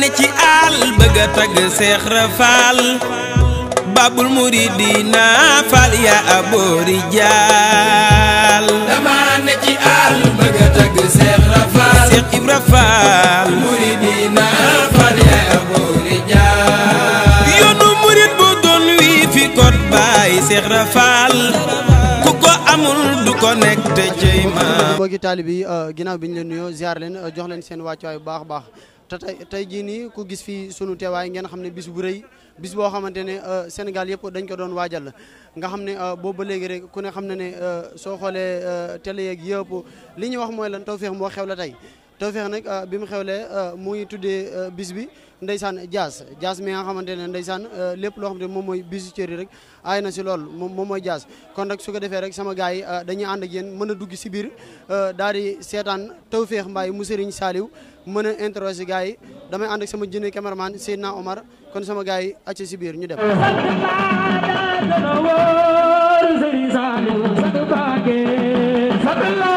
ne ci àll bëgg ya aboori jaal yoonu murid bu doon wii kot baay seex rafaal ku ko amul du connecté cey ma mbokki taalibe yi euh, ginnaaw bi ñu leen nuyoo ziar leen euh, jox leen seen wàccuwaay bu baax baax te tey tey jii nii ku gis fii sunu teewaay ngeen xam ne bis bu rëy bis boo xamante ne euh, Sénégal yëpp dañ ko doon waajal nga xam ne euh, boobu ba léegi rek ku ne xam ne ne euh, soo xoolee télé yeeg yëpp li ñuy wax mooy lan Tawfekh moo xew la tey Tawfekh nag bi mu xewlee mu ngi tuddee bis bi ndeysaan jaas jaas mi nga xamante ne ndeysaan lépp loo moom mooy bijouterie rek aay na si lool moom mooy jaas kon rek su ko defee rek sama gars yi dañuy ànd ak mën a dugg si biir daal di seetaan Tawfekh Mbaye mu Serigne Saliou mën a interroger gars yi damay ànd ak sama jëne cameraman Seydina Omar kon sama gars yi acca si biir ñu dem Sabalada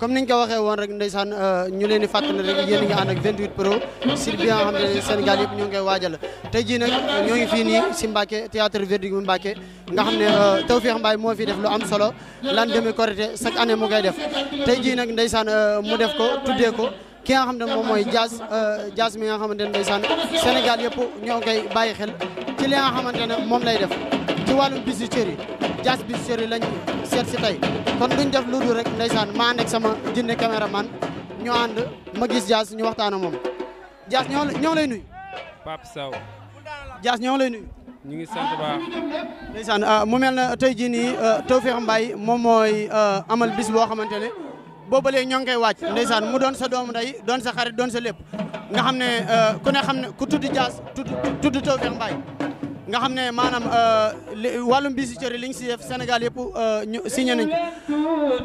comme niñ ko waxee woon rek ndeysaan euh, ñu leen di fàttali rek yéen ngi ànd ak 28 pro si bi nga xam ne Sénégal yëpp ñoo ngi waajal tey jii nag ñoo ngi fii nii si Mbacké théâtre verdict bu nga xam ne euh, Tawfekh Mbaye moo fi def lu am solo lan demee Korité chaque année mu koy def tey jii nag ndeysaan euh, mu def ko tuddee ko ki nga xam ne moom mooy jazz jazz mi nga xamante ne ndeysaan Sénégal yëpp ñoo ngi koy bàyyi xel ci nga xamante ne moom lay def ci wàllum bijouterie jaas bijouterie lañ seet si tey kon duñ def lu dul rek ndeysaan maa nekk sama jinne caméraman ñu ànd ma gis jaas ñu waxtaan ak moom jaas ñoo ñoo lay nuyu. Pape Sow. jaas ñoo lay nuyu. ñu ngi sant baax. ndeysaan ah, mu mel na tey jii nii ah, Tawfekh Mbaye moom mooy ah, amal bis boo xamante ne boobu léegi ñoo ngi koy waaj ndeysaan mu doon sa doomu day doon sa xarit doon sa lépp nga xam ne ku ne xam ne ku tudd jaas tudd tudd Tawfekh nga xam ne maanaam euh, wàllum biscuiterie li liñ si def Sénégal yëpp euh, ñu signé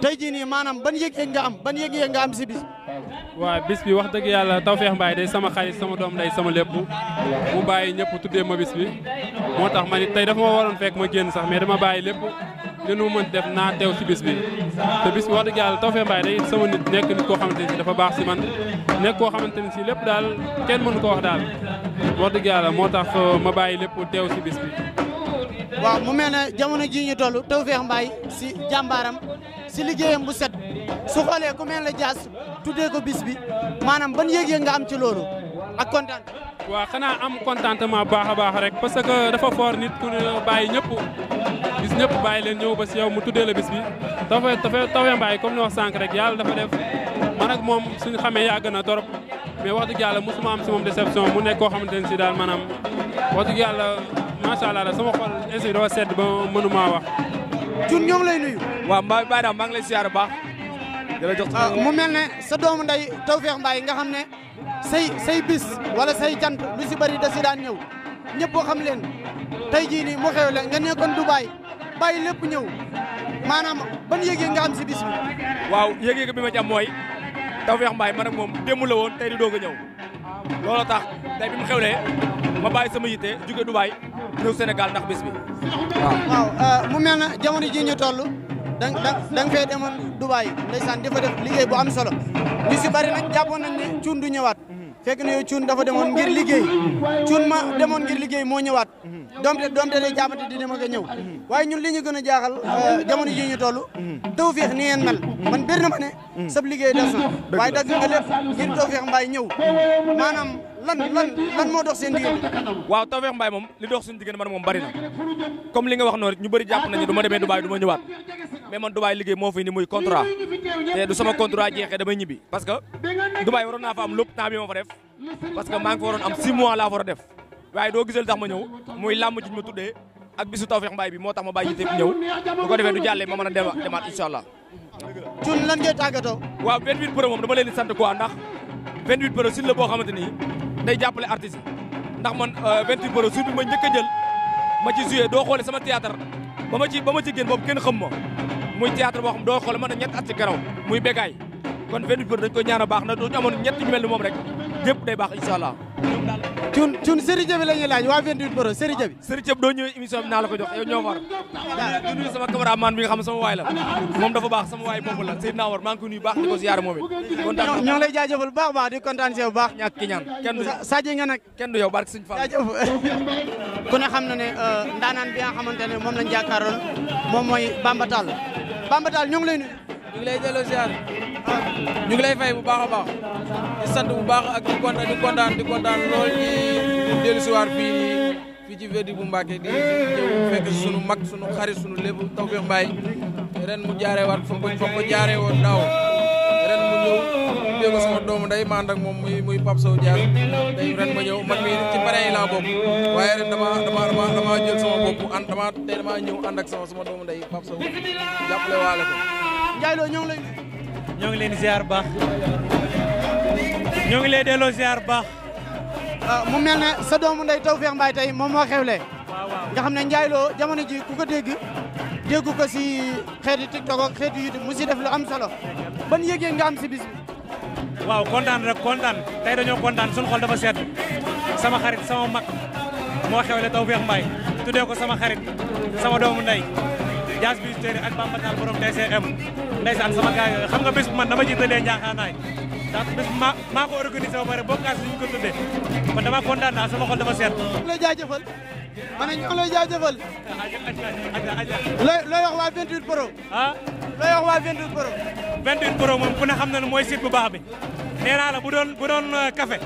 tey jii nii maanaam ban yëg-yëg nga am ban yëg-yëg nga am si bis. waaw bis bi wax dëgg yàlla Tawfekh Mbaye day sama xarit sama doom day sama lépp mu bàyyi ñëpp tuddee ma bis bi moo tax ma ni tey dafa ma waroon fekk ma génn sax mais dama bàyyi lépp li nu mën def naa teew si bis bi. te bis bi wax dëgg yàlla Tawfekh Mbaye day sama nit nekk di koo xamante ni dafa baax si man nekk koo xamante ni si lépp daal kenn mënu ko wax daal. wax dëgg yàlla moo tax euh, ma bàyyi lépp teew si bis bi. waaw mu mel ne jamono jii ñu toll Tawfekh Mbaye si jàmbaaram si liggéeyam bu set su xoolee ku mel ne Dias tuddee ko bis bi maanaam ban yëg nga am ci loolu ak kontaan. waa xanaa am contentement baax a baax rek parce que dafa foor nit ku bàyyi ñëpp gis ñëpp bàyyi leen ñëw ba si yow mu tuddee la bis bi Tawfekh Tawfekh Mbaye comme ni wax sànq rek yàlla dafa def man ak moom suñu xamee yàgg na torop mais wax dëgg yàlla mosuma am si moom déception mu nekk koo xamante ne si daal maanaam wax dëgg yàlla macha allah sama xol instant dafa sedd ba mënuma wax. Thioune ñoo ngi lay nuyu. waaw Mbaye Baye daal maa ngi lay siyaar baax. jërëjëf ah, mu mel ne sa doomu nday Tawfekh Mbaye nga xam ne say say bis wala say cant lu si bëri da si daan ñëw ñëpp boo xam leen tey jii nii mu xew la nga nekkoon Dubaay bàyyi lépp ñëw maanaam ba yëg-yëg nga am si bis bi. waaw yëg-yëg bi ma ci am Tawfekh Mbaye man ak moom démb la woon tey di doog a ñëw looloo tax tey bi mu xewlee ma bàyyi sama yitte jóge Dubaay ñëw Sénégal ndax bis waaw. mu mel na jamono jii ñu toll da nga da nga fee demoon Dubaay ndeysaan di fa def liggéey bu am solo ñu si bari nag jàppoon ne cuun du ñëwaat. fekk na yow cuun dafa demoon ngir liggéey cuun ma demoon ngir liggéey moo ñëwaat doomte doomte day jaabante di dem ak a ñëw waaye ñun li ñu gën a jaaxal euh, jamono ji ñu toll tawfeex ni ngeen mel man bëri na ma ne sab liggéey des na waaye dagg nga lépp ngir tawfeex mbaay ñëw maanaam lan moo dox seen diggante. waaw Tawfekh Mbaye moom li dox suñu diggante man moom bari na comme li nga wax noonu ñu bëri jàpp nañu du ma demee Dubaay du ma ñëwaat mais man Dubaay liggéey moo fi ni muy contrat te du sama contrat jeexee damay ñibbi. parce que Dubaay waroon naa fa am lépp temps bi ma fa def parce que maa waroon am 6 mois laa fa a def waaye doo gisal tax ma ñëw muy làmb ji ma tuddee ak bisu Tawfekh Mbaye bi moo tax ma bàyyi yite a demaat incha allah. day jàppale artistes yi ndax man 28 Pro suuf bi ma njëkk a jël ma ci joué doo xoolee sama théâtre ba ma ci ba ma ci génn boobu kenn xam ma muy théâtre boo xam doo xoolee man a ñett at ci garaw muy bégaay kon 28 Pro dañ koy ñaan a baax na du amoon ñett ñu mel ni moom rek yëpp day baax incha allah cun cun Serigne Jabi la ñuy laaj waa 28 Pro Serigne Jabi. Ah, Serigne Jabi doo ñëwee émission bi naa la ko jox yow ñoo war di nuyu sama la moom dafa baax sama waay boobu la Seydina moom it. kontaan ñoo lay jaajëfal bu baax baax di ñu ngi lay fay bu baax a baax di sant bu baax ak di kontaan di kontaan di kontaan lool ñi dellu si waat fii nii fii ci verdi bu Mbàkke di ñëw fekk sunu mag sunu xarit sunu lépp Tawfekh Mbaye ren mu jaaree waat fa ko fa ko jaaree woon daaw ren mu ñëw dégg sama doomu day ma ànd ak moom muy muy Pape Sow Diar day ren ma ñëw man mi ci parrain yi laa bokk waaye ren dama dama dama jël sama bopp ànd dama tey dama ñëw ànd sama sama doomu day Pape Sow jàppale waale ko Ndiaye Lo ñoo ngi ñoo ngi leen ziar baax ñoo ngi leen delloo ziar baax. Ah, mu mel ne sa doomu ndey Tawfekh Mbaye tey moom moo xewle. nga xam ne Ndiaye loo jamono ji ku ko dégg dégg ko si xeetu TikTok ak xeetu YouTube mu si def lu am solo ban yëg nga am si bis bi. waaw kontaan rek kontaan tey dañoo kontaan suñu xol dafa seet sama xarit sama mag moo xewle Tawfekh Mbaye tuddee ko sama xarit sama doomu ndey. Diaz Bijouterie ak Bamba Tall borom TCM ndeysaan sama gars yooyu xam nga bés bu man dama ci tëddee njaaxaanaay ndax bés bu maa ko organisé ba pare bokkaas ñu ko tuddee man dama kontaan naa sama xol dafa seet. ñu lay waa 28 pro. ah waa 28 pro. 28 pro moom ku ne xam na ne mooy site bu baax bi nee naa la bu doon bu doon euh, café.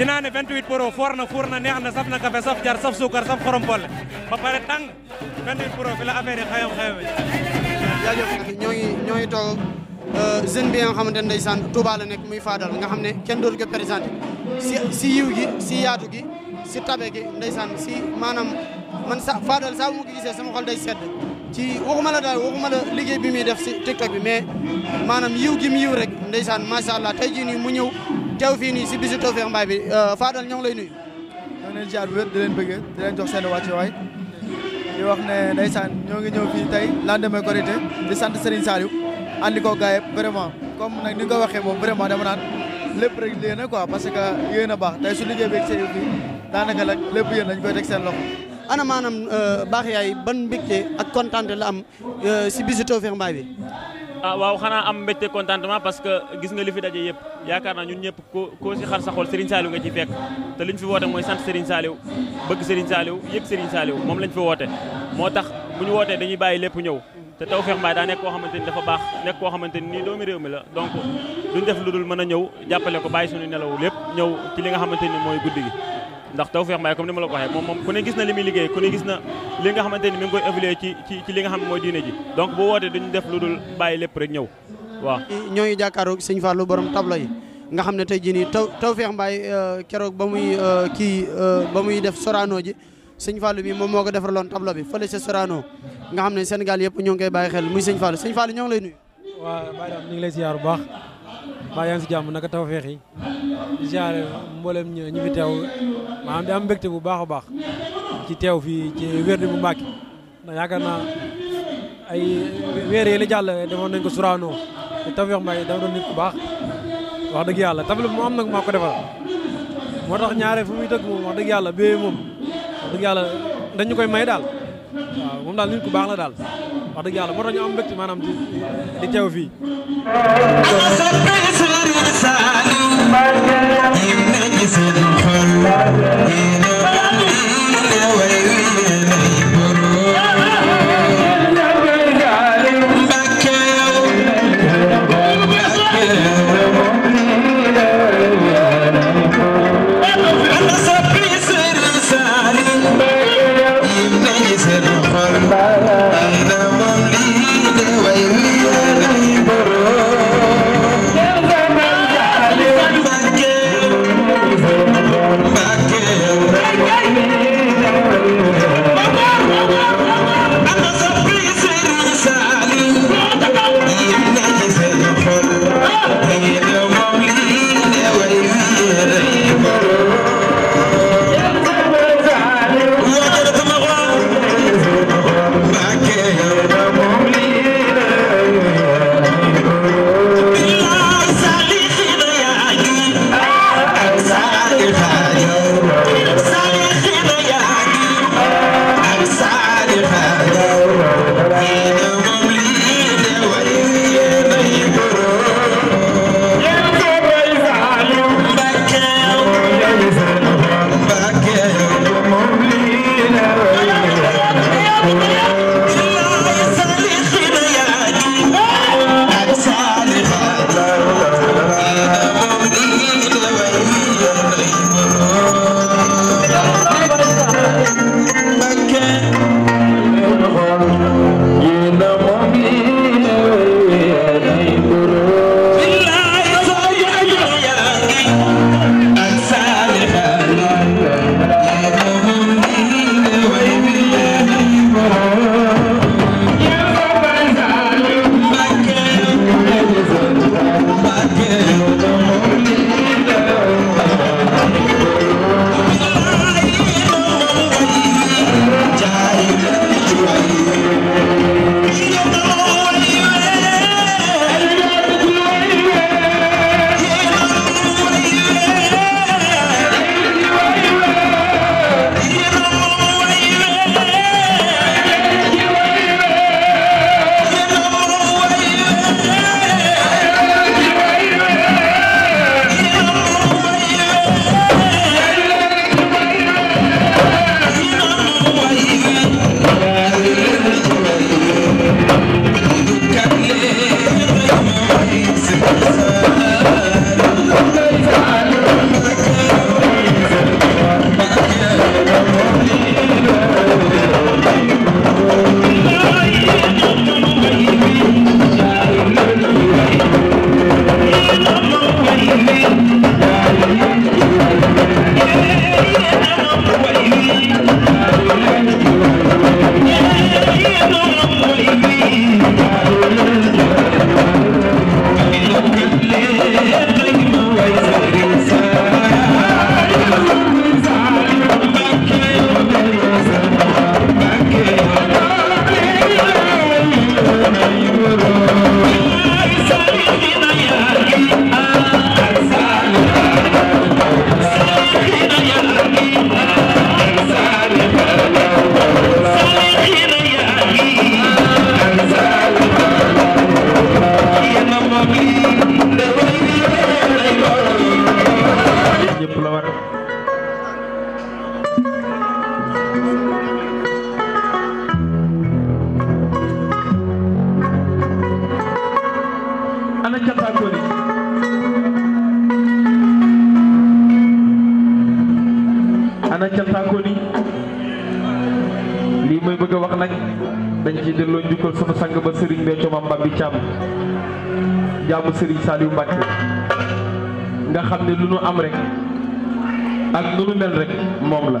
dinaa ne 28 pro foor na fuur na neex na saf na kafe saf jar saf suukar saf xorom bolle ba pare tàng 28 pro fi la affaire yi xayam xayame. jaajëf ñoo ngi ñoo ngi toog euh, jeune bi nga xamante ne ndeysaan la nekk muy Fadal nga xam ne kenn doolu ko présenté si si yiw gi si yaatu gi si tabe gi ndeysaan si maanaam man sa Fadal saa bu ma ko xol day sedd ci waxuma la daal waxuma la liggéey bi muy def si TikTok bi mais maanaam yiw gi mu yiw rek ndeysaan macha allah tey jii mu ñëw. teew fii nii si bisu Tawfekh Mbaye bi euh, Fadal ñoo ngi lay nuyu. ñoo ngi jaar ziar bu wér di leen bëggee di leen jox seen wàccuwaay di wax ne ndeysaan ñoo ngi ñëw fii tey lendemain Korité di sant Serigne Saliou andi ko gaay vraiment comme nag ni nga ko waxee moom vraiment dama naan lépp rek yéen a quoi parce que yéen a baax tey su liggéey bi ak daanaka nag lépp yéen dañ koy teg seen loxo. ana maanaam euh, baax yaay ban mbégte ak kontaan la am euh, si bisu Tawfekh Mbaye bi. ah waaw xanaa am mbégte contentement parce que gis nga li fi daje yëpp yaakaar naa ñun ñëpp ko koo si xar sa xol Serigne Saliou nga ci fekk te li ñu fi woote mooy sant Serigne Saliou bëgg Serigne Saliou yëg Serigne Saliou moom lañ fi woote moo tax bu ñu wootee dañuy bàyyi lépp ñëw te Tawfekh Mbaye daa nekk koo xamante ni dafa baax nekk koo xamante ni nii doomi réew mi la donc duñ def lu mën a ñëw jàppale ko bàyyi suñu nelaw lépp ñëw ci li nga xamante ni mooy guddi gi ndax Tawfekh Mbaye comme ni ma la ko waxee moom moom ku ne gis na li muy liggéey ku ne gis na li nga xamante ni mi koy évoluer ci li nga xam ne mooy diine ji donc bu wootee duñu def lu dul bàyyi lépp rek ñëw waaw ñoo ngi jàkkaaroog sëñ Fallou borom tableau nga xam ne tey jii nii taw Tawfekh Mbaye euh, keroog ba muy euh, kii euh, ba muy def Sorano ji sëñ Fallou bi moom moo ko defaraloon tableau bi fo ca Sorano nga xam ne Sénégal yëpp ñoo ngi koy bàyyi xel muy sëñ Fallou sëñ Fallou ñoo lay nuyu waaw Baye Dame ñu mbaa yaa ngi nag jàmm naka taw feex yi mboolem ñi fi teew maa di am mbégte bu baax a baax ci teew fii ci wérdi bu Mbàkke ndax yaakaar naa ay weer yi la jàll defoon nañ ko suraanoo te taw feex Mbàkke dafa doon nit ku baax wax dëgg yàlla table bi mu am nag maa ko defal moo tax ñaare fu muy dëgg moom wax dëgg yàlla bee moom wax dëgg yàlla dañu koy may daal waaw moom daal nit ku baax la daal wax dëgg yàlla moo tax ñu am mbégte maanaam di di teew fii. Thank you. delloo njukkal sunu sang ba Serigne Béthio Mame Mbaye Thiam jaamu Serigne Saliou Mbacke nga xam ne lu nu am rek ak lu nu mel rek moom la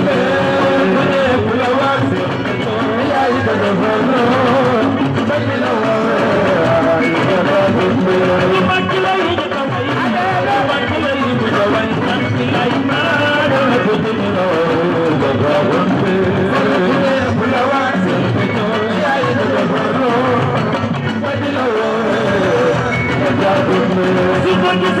Muhammad